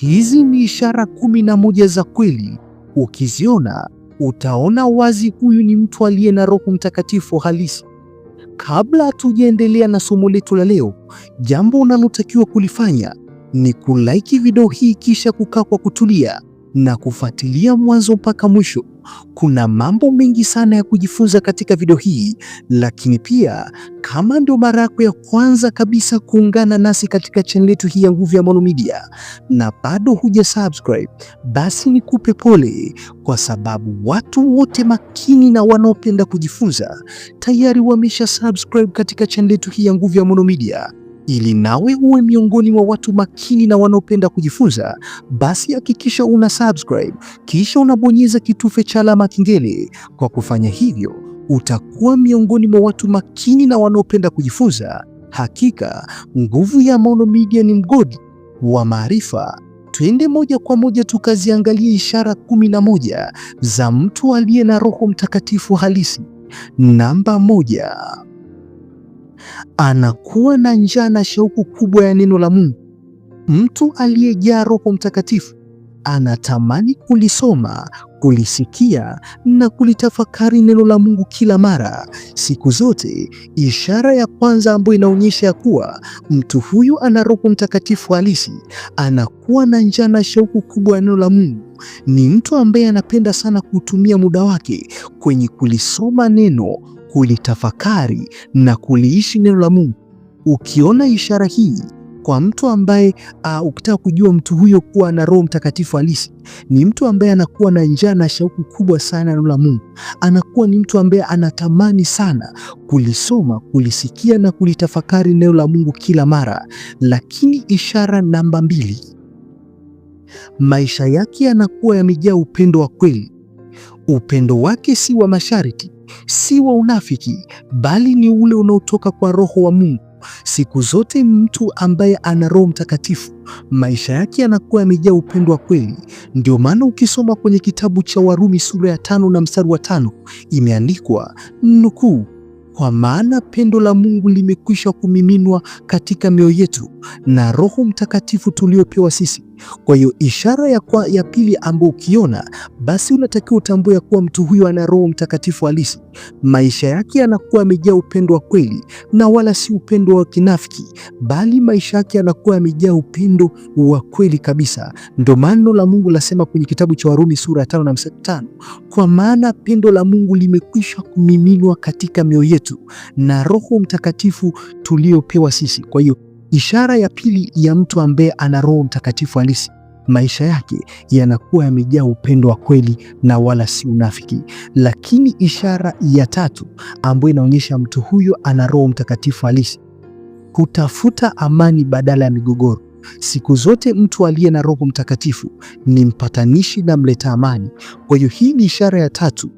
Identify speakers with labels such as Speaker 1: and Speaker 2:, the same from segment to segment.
Speaker 1: Hizi ni ishara kumi na moja za kweli. Ukiziona utaona wazi huyu ni mtu aliye na Roho Mtakatifu halisi. Kabla tujaendelea na somo letu la leo, jambo unalotakiwa kulifanya ni kulaiki video hii kisha kukaa kwa kutulia na kufuatilia mwanzo mpaka mwisho. Kuna mambo mengi sana ya kujifunza katika video hii, lakini pia kama ndio mara yako ya kwanza kabisa kuungana nasi katika channel yetu hii ya Nguvu ya Maono Media na bado huja subscribe, basi nikupe pole, kwa sababu watu wote makini na wanaopenda kujifunza tayari wamesha subscribe katika channel yetu hii ya Nguvu ya Maono Media. Ili nawe uwe miongoni mwa watu makini na wanaopenda kujifunza, basi hakikisha una subscribe kisha unabonyeza kitufe cha alama kengele. Kwa kufanya hivyo, utakuwa miongoni mwa watu makini na wanaopenda kujifunza. Hakika nguvu ya Maono Media ni mgodi wa maarifa. Twende moja kwa moja tukaziangalie ishara kumi na moja za mtu aliye na Roho Mtakatifu halisi. Namba moja anakuwa na njaa na shauku kubwa ya neno la Mungu. Mtu aliyejaa Roho Mtakatifu anatamani kulisoma, kulisikia na kulitafakari neno la Mungu kila mara, siku zote. Ishara ya kwanza ambayo inaonyesha ya kuwa mtu huyu ana Roho Mtakatifu halisi, anakuwa na njaa na shauku kubwa ya neno la Mungu, ni mtu ambaye anapenda sana kutumia muda wake kwenye kulisoma neno kulitafakari na kuliishi neno la Mungu. Ukiona ishara hii kwa mtu ambaye uh, ukitaka kujua mtu huyo kuwa na Roho Mtakatifu halisi ni mtu ambaye anakuwa na njaa na shauku kubwa sana neno la Mungu, anakuwa ni mtu ambaye anatamani sana kulisoma, kulisikia na kulitafakari neno la Mungu kila mara. Lakini ishara namba mbili, maisha yake yanakuwa yamejaa upendo wa kweli. Upendo wake si wa masharti, si wa unafiki, bali ni ule unaotoka kwa Roho wa Mungu. Siku zote mtu ambaye ana Roho Mtakatifu maisha yake yanakuwa yamejaa upendo wa kweli. Ndio maana ukisoma kwenye kitabu cha Warumi sura ya tano na mstari wa tano imeandikwa nukuu, kwa maana pendo la Mungu limekwisha kumiminwa katika mioyo yetu na Roho Mtakatifu tuliopewa sisi, kwa hiyo ishara ya, kwa, ya pili ambayo ukiona basi unatakiwa utambue ya kuwa mtu huyo ana Roho Mtakatifu halisi. Maisha yake yanakuwa yamejaa upendo wa kweli na wala si upendo wa kinafiki, bali maisha yake yanakuwa yamejaa upendo wa kweli kabisa. Ndio maana neno la Mungu lasema kwenye kitabu cha Warumi sura ya 5 na mstari 5, kwa maana pendo la Mungu limekwisha kumiminwa katika mioyo yetu na Roho Mtakatifu tuliopewa sisi. Kwa hiyo Ishara ya pili ya mtu ambaye ana Roho Mtakatifu halisi, maisha yake yanakuwa yamejaa upendo wa kweli na wala si unafiki. Lakini ishara ya tatu ambayo inaonyesha mtu huyo ana Roho Mtakatifu halisi, hutafuta amani badala ya migogoro. Siku zote mtu aliye na Roho Mtakatifu ni mpatanishi na mleta amani. Kwa hiyo hii ni ishara ya tatu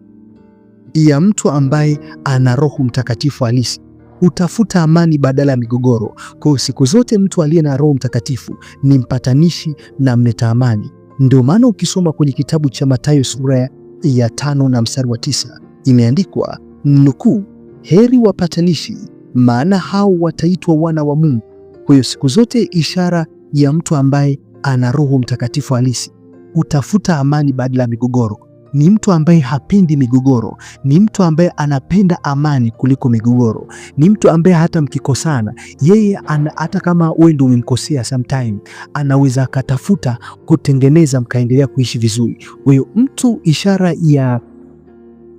Speaker 1: ya mtu ambaye ana Roho Mtakatifu halisi hutafuta amani badala ya migogoro. Kwa hiyo siku zote mtu aliye na Roho Mtakatifu ni mpatanishi na mleta amani. Ndio maana ukisoma kwenye kitabu cha Mathayo sura ya tano na mstari wa tisa imeandikwa nukuu, heri wapatanishi, maana hao wataitwa wana wa Mungu. Kwa hiyo siku zote ishara ya mtu ambaye ana Roho Mtakatifu halisi hutafuta amani badala ya migogoro ni mtu ambaye hapendi migogoro, ni mtu ambaye anapenda amani kuliko migogoro, ni mtu ambaye hata mkikosana yeye ana, hata kama wewe ndio umemkosea sometime, anaweza akatafuta kutengeneza mkaendelea kuishi vizuri. Kwa hiyo mtu, ishara ya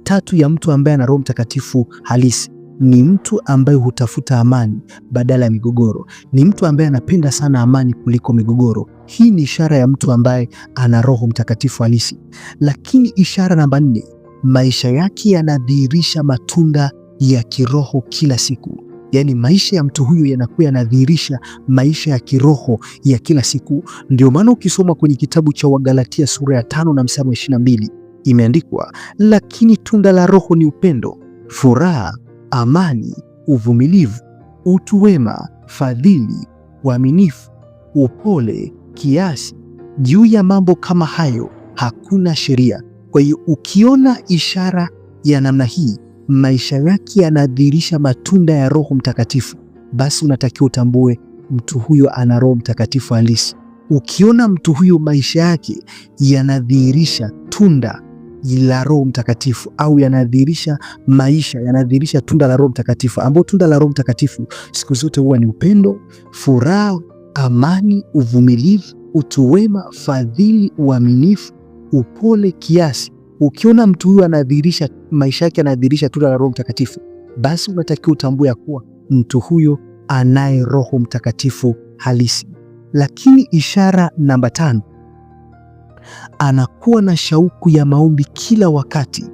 Speaker 1: tatu ya mtu ambaye ana Roho Mtakatifu halisi ni mtu ambaye hutafuta amani badala ya migogoro, ni mtu ambaye anapenda sana amani kuliko migogoro. Hii ni ishara ya mtu ambaye ana Roho Mtakatifu halisi. Lakini ishara namba nne, maisha yake yanadhihirisha matunda ya kiroho kila siku. Yaani maisha ya mtu huyu yanakuwa yanadhihirisha maisha ya kiroho ya kila siku. Ndio maana ukisoma kwenye kitabu cha Wagalatia sura ya tano na mstari wa mbili imeandikwa, lakini tunda la Roho ni upendo, furaha, amani, uvumilivu, utu wema, fadhili, uaminifu, upole, kiasi juu ya mambo kama hayo hakuna sheria. Kwa hiyo ukiona ishara ya namna hii, maisha yake yanadhihirisha matunda ya Roho Mtakatifu, basi unatakiwa utambue mtu huyo ana Roho Mtakatifu halisi. Ukiona mtu huyo maisha yake yanadhihirisha tunda la Roho Mtakatifu au yanadhihirisha maisha yanadhihirisha tunda la Roho Mtakatifu, ambao tunda la Roho Mtakatifu siku zote huwa ni upendo, furaha amani, uvumilivu, utu wema, fadhili, uaminifu, upole, kiasi. Ukiona mtu huyu anadhihirisha maisha yake anadhihirisha tunda la Roho Mtakatifu, basi unatakiwa utambue ya kuwa mtu huyo anaye Roho Mtakatifu halisi. Lakini ishara namba tano, anakuwa na shauku ya maombi kila wakati,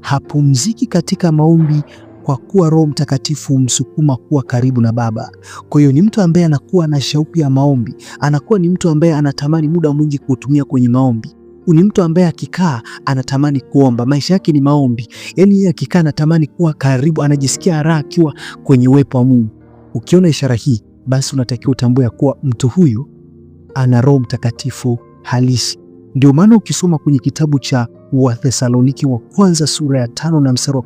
Speaker 1: hapumziki katika maombi kwa kuwa Roho Mtakatifu humsukuma kuwa karibu na Baba. Kwa hiyo ni mtu ambaye anakuwa na shauku ya maombi, anakuwa ni mtu ambaye anatamani muda mwingi kuutumia kwenye maombi ni mtu ambaye akikaa anatamani kuomba, maisha yake ni maombi. Yani yeye akikaa anatamani kuwa karibu, anajisikia raha akiwa kwenye uwepo wa Mungu. Ukiona ishara hii, basi unatakiwa utambue ya kuwa mtu huyu ana Roho Mtakatifu halisi. Ndio maana ukisoma kwenye kitabu cha Wathesaloniki wa kwanza sura ya tano na mstari wa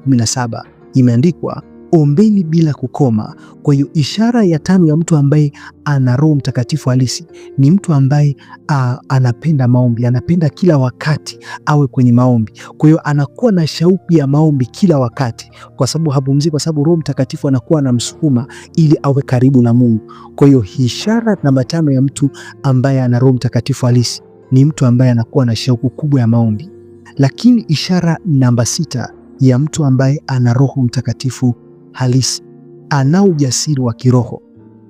Speaker 1: imeandikwa ombeni bila kukoma. Kwa hiyo ishara ya tano ya mtu ambaye ana Roho Mtakatifu halisi ni mtu ambaye a, anapenda maombi, anapenda kila wakati awe kwenye maombi. Kwa hiyo anakuwa na shauku ya maombi kila wakati, kwa sababu hapumzi, kwa sababu Roho Mtakatifu anakuwa anamsukuma ili awe karibu na Mungu. Kwa hiyo ishara namba tano ya mtu ambaye ana Roho Mtakatifu halisi ni mtu ambaye anakuwa na shauku kubwa ya maombi. Lakini ishara namba sita ya mtu ambaye ana Roho Mtakatifu halisi, ana ujasiri wa kiroho.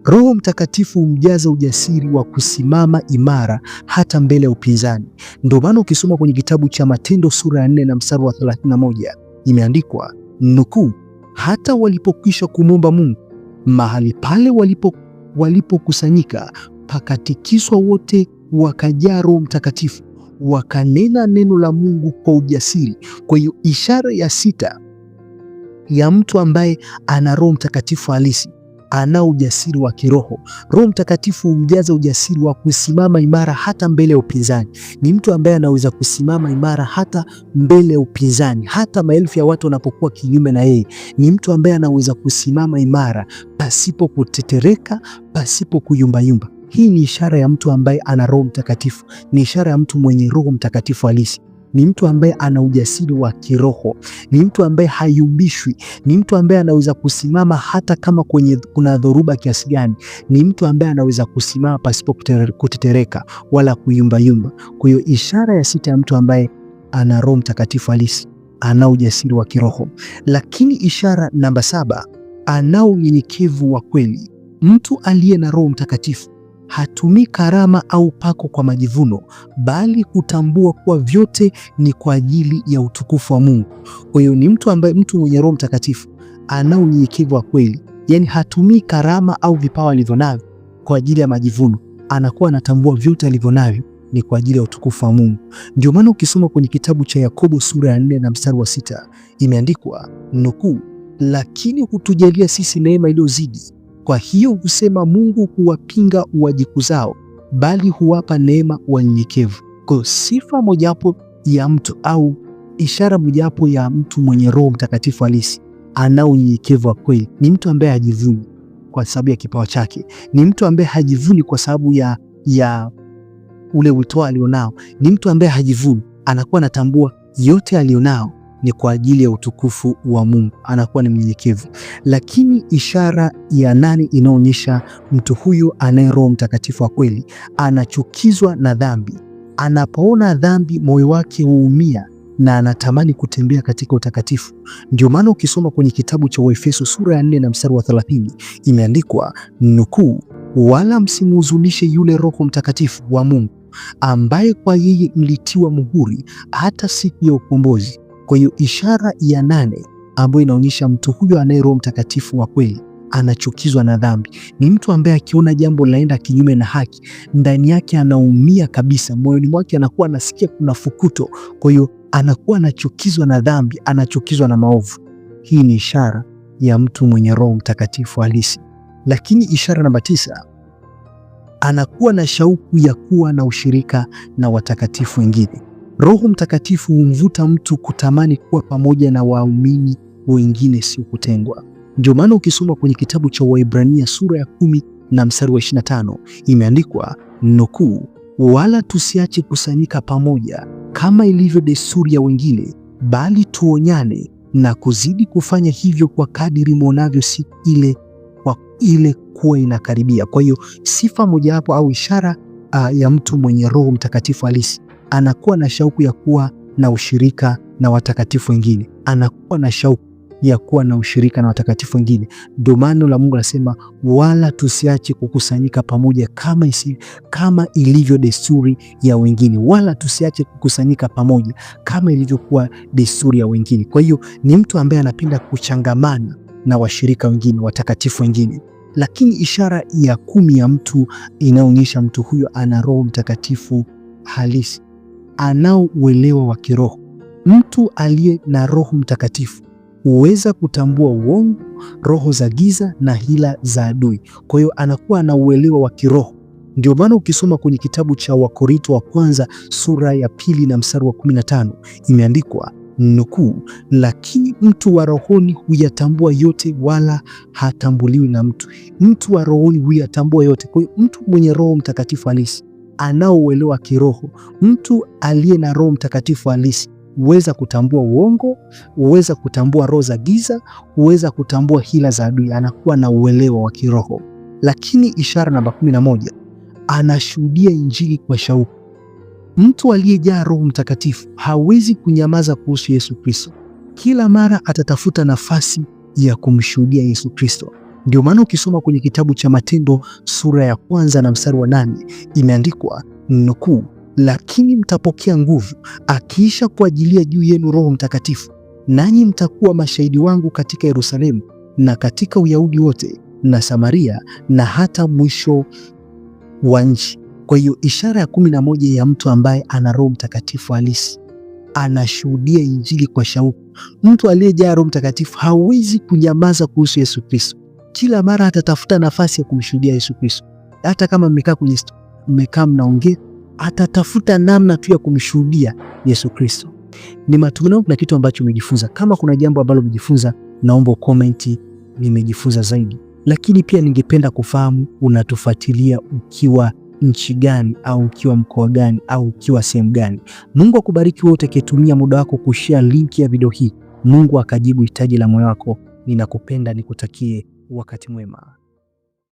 Speaker 1: Roho Mtakatifu humjaza ujasiri wa kusimama imara hata mbele ya upinzani. Ndio maana ukisoma kwenye kitabu cha Matendo sura ya 4 na mstari wa 31 imeandikwa nukuu, hata walipokwisha kumwomba Mungu, mahali pale walipo walipokusanyika pakatikiswa, wote wakajaa Roho Mtakatifu wakanena neno la Mungu kwa ujasiri. Kwa hiyo ishara ya sita ya mtu ambaye ana Roho Mtakatifu halisi ana ujasiri wa kiroho. Roho Mtakatifu humjaza ujasiri wa kusimama imara hata mbele ya upinzani. Ni mtu ambaye anaweza kusimama imara hata mbele ya upinzani, hata maelfu ya watu wanapokuwa kinyume na yeye. Ni mtu ambaye anaweza kusimama imara pasipo kutetereka, pasipo kuyumbayumba. Hii ni ishara ya mtu ambaye ana Roho Mtakatifu, ni ishara ya mtu mwenye Roho Mtakatifu halisi ni mtu ambaye ana ujasiri wa kiroho, ni mtu ambaye hayumbishwi, ni mtu ambaye anaweza kusimama hata kama kwenye kuna dhoruba kiasi gani, ni mtu ambaye anaweza kusimama pasipo kutetereka wala kuyumbayumba. Kwa hiyo ishara ya sita ya mtu ambaye ana Roho Mtakatifu halisi, ana ujasiri wa kiroho. Lakini ishara namba saba, ana unyenyekevu wa kweli. Mtu aliye na Roho Mtakatifu hatumii karama au pako kwa majivuno, bali hutambua kuwa vyote ni kwa ajili ya utukufu wa Mungu. Kwa hiyo ni mtu ambaye, mtu mwenye Roho Mtakatifu ana unyenyekevu wa kweli, yaani hatumii karama au vipawa alivyonavyo kwa ajili ya majivuno, anakuwa anatambua vyote alivyonavyo ni kwa ajili ya utukufu wa Mungu. Ndio maana ukisoma kwenye kitabu cha Yakobo sura ya 4 na mstari wa sita imeandikwa nukuu, lakini hutujalia sisi neema iliyozidi kwa hiyo husema Mungu huwapinga uwajikuzao, bali huwapa neema wanyenyekevu. Kwa hiyo sifa mojawapo ya mtu au ishara mojawapo ya mtu mwenye Roho Mtakatifu halisi ana unyenyekevu wa kweli ni mtu ambaye hajivuni kwa sababu ya kipawa chake, ni mtu ambaye hajivuni kwa sababu ya, ya ule wito alionao, ni mtu ambaye hajivuni, anakuwa anatambua yote alionao ni kwa ajili ya utukufu wa Mungu, anakuwa ni mnyenyekevu. Lakini ishara ya nani inaonyesha mtu huyu anaye Roho Mtakatifu wa kweli anachukizwa na dhambi? Anapoona dhambi, moyo wake huumia na anatamani kutembea katika utakatifu. Ndio maana ukisoma kwenye kitabu cha Waefeso sura ya 4 na mstari wa 30 imeandikwa nukuu, wala msimhuzunishe yule Roho Mtakatifu wa Mungu ambaye kwa yeye mlitiwa muhuri hata siku ya ukombozi. Kwa hiyo ishara ya nane ambayo inaonyesha mtu huyo anaye Roho Mtakatifu wa kweli anachukizwa na dhambi ni mtu ambaye akiona jambo linaenda kinyume na haki, ndani yake anaumia kabisa, moyoni mwake anakuwa anasikia kuna fukuto. Kwa hiyo anakuwa anachukizwa na dhambi, anachukizwa na maovu. Hii ni ishara ya mtu mwenye Roho Mtakatifu halisi. Lakini ishara namba tisa, anakuwa na shauku ya kuwa na ushirika na watakatifu wengine. Roho Mtakatifu humvuta mtu kutamani kuwa pamoja na waumini wengine, sio kutengwa. Ndio maana ukisoma kwenye kitabu cha Waibrania sura ya kumi na mstari wa 25 imeandikwa nukuu, wala tusiache kusanyika pamoja kama ilivyo desturi ya wengine, bali tuonyane na kuzidi kufanya hivyo kwa kadiri mwonavyo siku ile kwa ile kuwa inakaribia. Kwa hiyo sifa mojawapo au ishara uh, ya mtu mwenye Roho Mtakatifu halisi anakuwa na shauku ya kuwa na ushirika na watakatifu wengine, anakuwa na shauku ya kuwa na ushirika na watakatifu wengine. Ndio maana neno la Mungu anasema wala tusiache kukusanyika pamoja kama isi, kama ilivyo desturi ya wengine, wala tusiache kukusanyika pamoja kama ilivyokuwa desturi ya wengine. Kwa hiyo ni mtu ambaye anapenda kuchangamana na washirika wengine, watakatifu wengine. Lakini ishara ya kumi ya mtu inaonyesha mtu huyo ana Roho Mtakatifu halisi anao uelewa wa kiroho. Mtu aliye na Roho Mtakatifu huweza kutambua uongo, roho za giza na hila za adui. Kwa hiyo anakuwa na uelewa wa kiroho. Ndio maana ukisoma kwenye kitabu cha Wakorinto wa kwanza sura ya pili na mstari wa 15 imeandikwa nukuu, lakini mtu wa rohoni huyatambua yote, wala hatambuliwi na mtu. Mtu wa rohoni huyatambua yote. Kwa hiyo mtu mwenye Roho Mtakatifu halisi anaouelewa kiroho. Mtu aliye na Roho Mtakatifu halisi huweza kutambua uongo, huweza kutambua roho za giza, huweza kutambua hila za adui, anakuwa na uelewa wa kiroho. Lakini ishara namba 11, anashuhudia injili kwa shauku. Mtu aliyejaa Roho Mtakatifu hawezi kunyamaza kuhusu Yesu Kristo. Kila mara atatafuta nafasi ya kumshuhudia Yesu Kristo. Ndio maana ukisoma kwenye kitabu cha Matendo sura ya kwanza na mstari wa nane imeandikwa nukuu, lakini mtapokea nguvu akiisha kuajilia juu yenu Roho Mtakatifu, nanyi mtakuwa mashahidi wangu katika Yerusalemu na katika Uyahudi wote na Samaria na hata mwisho wa nchi. Kwa hiyo ishara ya kumi na moja ya mtu ambaye ana Roho Mtakatifu halisi anashuhudia Injili kwa shauku. Mtu aliyejaa Roho Mtakatifu hawezi kunyamaza kuhusu Yesu Kristo kila mara atatafuta nafasi ya kumshuhudia Yesu Kristo. Hata kama mmekaa kwenye mmekaa mnaongea, atatafuta namna tu ya kumshuhudia Yesu Kristo. Ni matumaini yangu kuna kitu ambacho umejifunza. Kama kuna jambo ambalo umejifunza, naomba comment nimejifunza zaidi. Lakini pia ningependa kufahamu unatufuatilia ukiwa nchi gani au ukiwa mkoa gani au ukiwa sehemu gani. Mungu akubariki wewe utakayetumia muda wako kushare link ya video hii. Mungu akajibu hitaji la moyo wako. Ninakupenda, nikutakie wakati mwema.